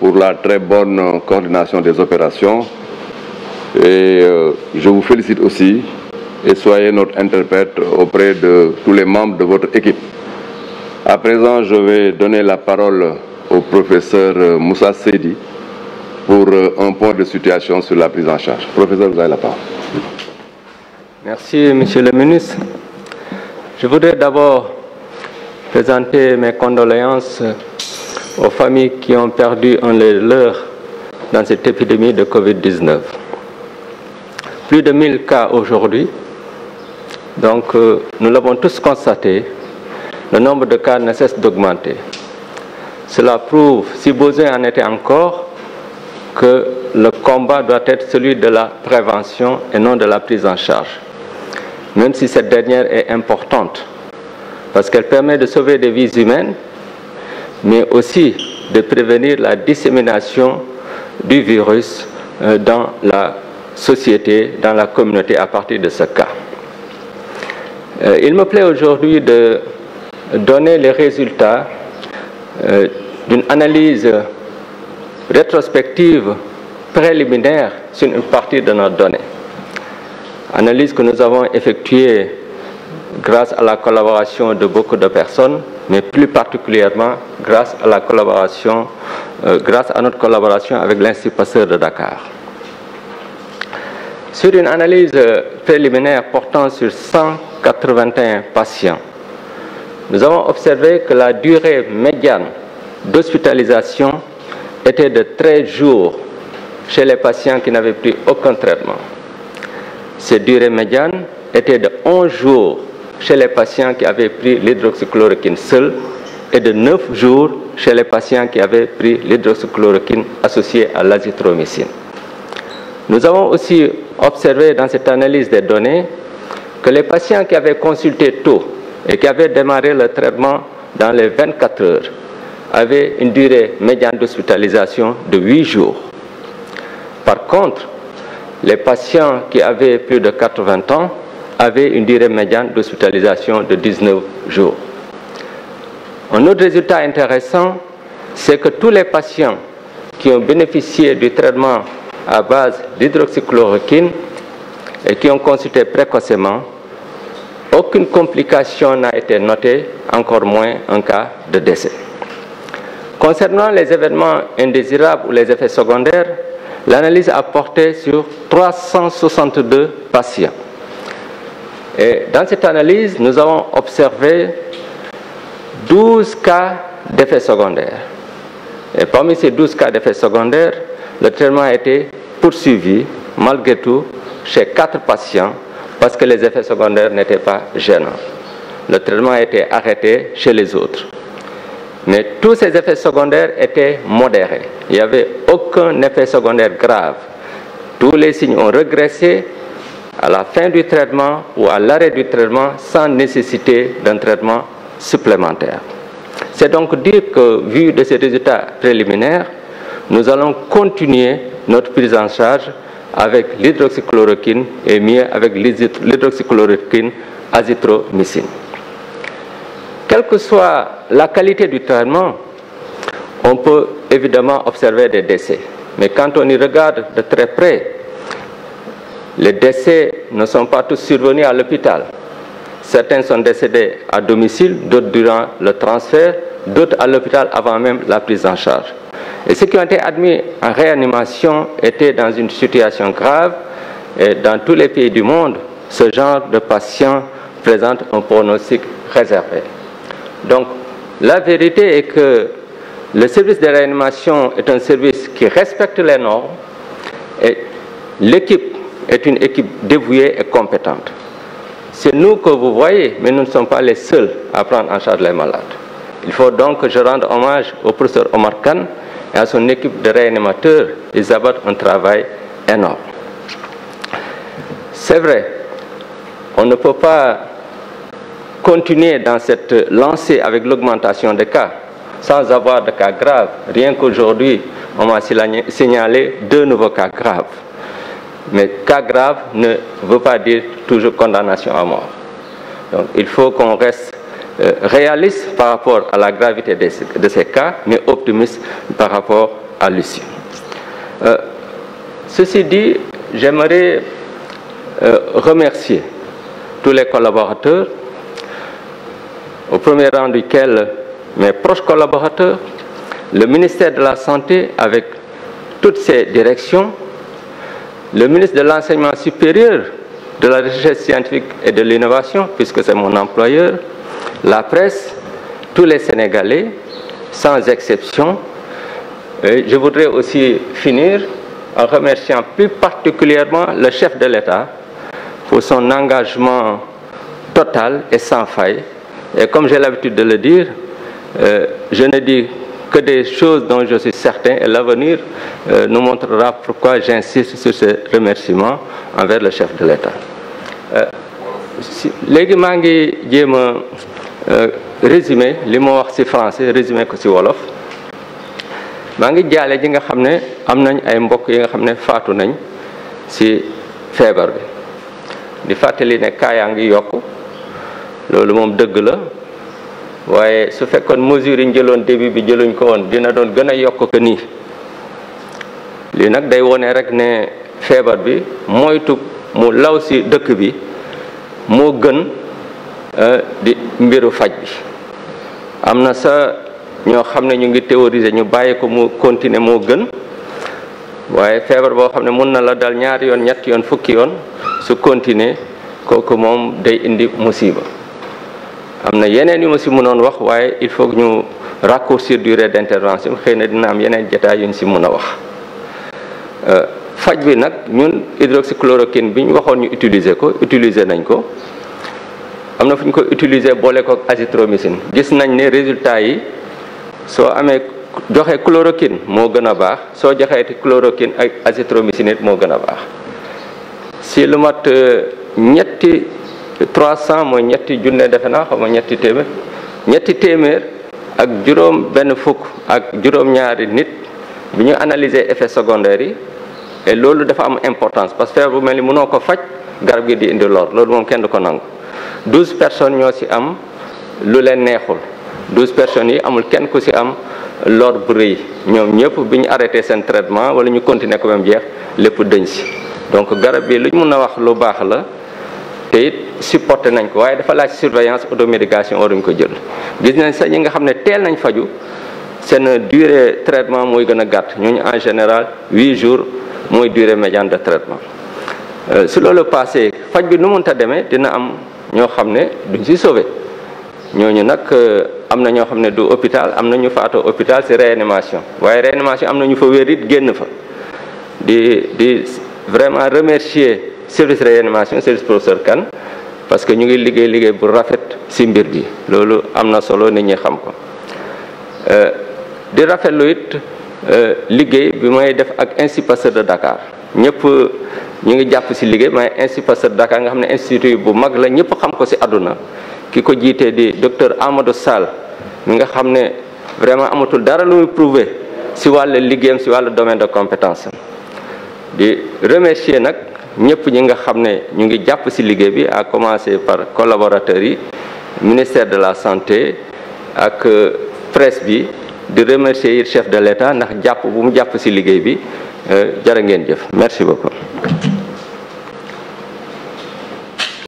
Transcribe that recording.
pour la très bonne coordination des opérations. Et euh, je vous félicite aussi et soyez notre interprète auprès de tous les membres de votre équipe. À présent, je vais donner la parole au professeur euh, Moussa Sedi pour euh, un point de situation sur la prise en charge. Professeur, vous avez la parole. Merci, Monsieur le ministre. Je voudrais d'abord présenter mes condoléances aux familles qui ont perdu un leur dans cette épidémie de Covid-19. Plus de 1000 cas aujourd'hui. Donc, euh, nous l'avons tous constaté, le nombre de cas ne cesse d'augmenter. Cela prouve, si besoin en était encore, que le combat doit être celui de la prévention et non de la prise en charge, même si cette dernière est importante, parce qu'elle permet de sauver des vies humaines mais aussi de prévenir la dissémination du virus euh, dans la société, dans la communauté à partir de ce cas. Euh, il me plaît aujourd'hui de donner les résultats euh, d'une analyse rétrospective préliminaire sur une partie de nos données. Analyse que nous avons effectuée grâce à la collaboration de beaucoup de personnes, mais plus particulièrement grâce à, la collaboration, euh, grâce à notre collaboration avec l'Institut Pasteur de Dakar. Sur une analyse euh, préliminaire portant sur 181 patients, nous avons observé que la durée médiane d'hospitalisation était de 13 jours chez les patients qui n'avaient pris aucun traitement. Cette durée médiane était de 11 jours chez les patients qui avaient pris l'hydroxychloroquine seule et de 9 jours chez les patients qui avaient pris l'hydroxychloroquine associée à l'azithromycine. Nous avons aussi observé dans cette analyse des données que les patients qui avaient consulté tôt et qui avaient démarré le traitement dans les 24 heures avaient une durée médiane d'hospitalisation de 8 jours. Par contre, les patients qui avaient plus de 80 ans avait une durée médiane d'hospitalisation de 19 jours. Un autre résultat intéressant, c'est que tous les patients qui ont bénéficié du traitement à base d'hydroxychloroquine et qui ont consulté précocement, aucune complication n'a été notée, encore moins un cas de décès. Concernant les événements indésirables ou les effets secondaires, l'analyse a porté sur 362 patients et dans cette analyse, nous avons observé 12 cas d'effets secondaires. Et parmi ces 12 cas d'effets secondaires, le traitement a été poursuivi malgré tout chez 4 patients parce que les effets secondaires n'étaient pas gênants. Le traitement a été arrêté chez les autres. Mais tous ces effets secondaires étaient modérés. Il n'y avait aucun effet secondaire grave. Tous les signes ont régressé à la fin du traitement ou à l'arrêt du traitement sans nécessité d'un traitement supplémentaire. C'est donc dire que, vu de ces résultats préliminaires, nous allons continuer notre prise en charge avec l'hydroxychloroquine et mieux avec l'hydroxychloroquine azithromycine. Quelle que soit la qualité du traitement, on peut évidemment observer des décès. Mais quand on y regarde de très près, les décès ne sont pas tous survenus à l'hôpital. Certains sont décédés à domicile, d'autres durant le transfert, d'autres à l'hôpital avant même la prise en charge. Et ceux qui ont été admis en réanimation étaient dans une situation grave. Et dans tous les pays du monde, ce genre de patients présente un pronostic réservé. Donc, la vérité est que le service de réanimation est un service qui respecte les normes et l'équipe est une équipe dévouée et compétente. C'est nous que vous voyez, mais nous ne sommes pas les seuls à prendre en charge les malades. Il faut donc que je rende hommage au professeur Omar Khan et à son équipe de réanimateurs. Ils abattent un travail énorme. C'est vrai, on ne peut pas continuer dans cette lancée avec l'augmentation des cas sans avoir de cas graves. Rien qu'aujourd'hui, on m'a signalé deux nouveaux cas graves. Mais cas grave ne veut pas dire toujours condamnation à mort. Donc il faut qu'on reste euh, réaliste par rapport à la gravité de, ces cas, mais optimiste par rapport à l'issue. Euh, ceci dit, j'aimerais euh, remercier tous les collaborateurs, au premier rang duquel mes proches collaborateurs, le ministère de la Santé avec toutes ses directions, le ministre de l'Enseignement supérieur, de la Recherche scientifique et de l'innovation, puisque c'est mon employeur, la presse, tous les Sénégalais, sans exception. je voudrais aussi finir en remerciant plus particulièrement le chef de l'État pour son engagement total et sans faille. Et comme j'ai l'habitude de le dire, euh, je ne dis que des choses dont je suis certain et l'avenir euh, nous montrera pourquoi j'insiste sur ce remerciement envers le chef de l'État. Euh, léegi je ngi jéem euh, résumé li mots wax français résumé ko ci wolof Mangi, ngi jaale ji nga xam ne am nañ ay mbokk yi nga xam ne faatu nañ ci feebar bi di fàttali ne un yaa ngi yokk waaye su fekkoon mesure yi ñu jëloon début bi jëluñ ko woon dina doon gën a yokk ko nii lii nag day wone rek ne feebar bi mooy moytu mu law si dëkk bi moo gën euh, di mbiru faj bi am na sa ñoo xam ne ñu ngi théoriser ñu bàyyi ko mu continuer moo gën waaye feebar boo xam ne mun na la dal ñaari yoon ñetti yoon fukki yoon su continuer kooku moom day indi musiba am na yeneen yu ma si mënoon wax waaye il faut ñu raccourcir durée d'intervention xëy na dina am yeneen jotaay yu ñu si mën a wax. Euh, faj bi nag ñun hydroxychloroquine bi ñu waxoon ñu utiliser ko utiliser nañ ko am na fu ñu ko utiliser boole ko ak azithromycine. gis nañ ne résultat yi soo amee joxe chloroquine moo gën a baax soo joxeeti chloroquine ak azithromycine it moo gën a baax si lu mat euh, ñetti. 300 mooy ñetti junne defe na xaw ma ñetti téeméer ñetti téeméer ak juróom benn fukk ak juróom-ñaari nit bi ñu analyser effet secondaire yi et loolu dafa am importance parce que feebar mel ni mënoo ko faj garab gi di indi lor loolu moom kenn du ko nangu douze personne ñoo ci am lu leen neexul 12 personnes yi amul kenn ku ci am lor bu rëy ñoom ñëpp bi ñu arrêté seen traitement wala ñu continuer ko même jeex lépp dëñ si donc garab bi lu ñu mën a wax lu baax la. te it supporté nañ ko waaye dafa laaj surveillance automédication waruñ ko jël gis nañ sax ñi nga xam ne teel nañ faju seen durée traitement mooy gën a gàtt ñooñu en général huit jours mooy durée médiane de traitement euh, su loolu passé faj bi nu mënta demee dina am ñoo xam ne du si sauvé ñooñu nag euh, am na ñoo xam ne du hôpital am na ñu faatoo hôpital si réanimation waaye réanimation am na ñu fa wér it génn fa di di vraiment remercier service reanimation service professeur kan parce que ñu ngi liggéey liggéey bu rafet si mbir eh, eh, bi solo nit ñi xam ko di rafetlu it liggéey bi may def ak institut Pasteur de Dakar ñëpp ñu ngi jàpp si liggéey may institut Dakar nga xam institut bu mag la ñëpp xam ko si aduna kiko ko jiitee di docteur Amadou Sall mi nga xam ne vraiment amatul dara lu prouver si liggéeyam domaine de compétence di remercier nak ñëpp ñi nga xam ne ñu ngi jàpp ci liggéey bi ak commencer par collaborateurs yi ministère de la santé ak euh, presse bi di remercier chef de l'État ndax jàpp bu mu jàpp ci liggéey bi euh, jërë ngeen jëf merci beaucoup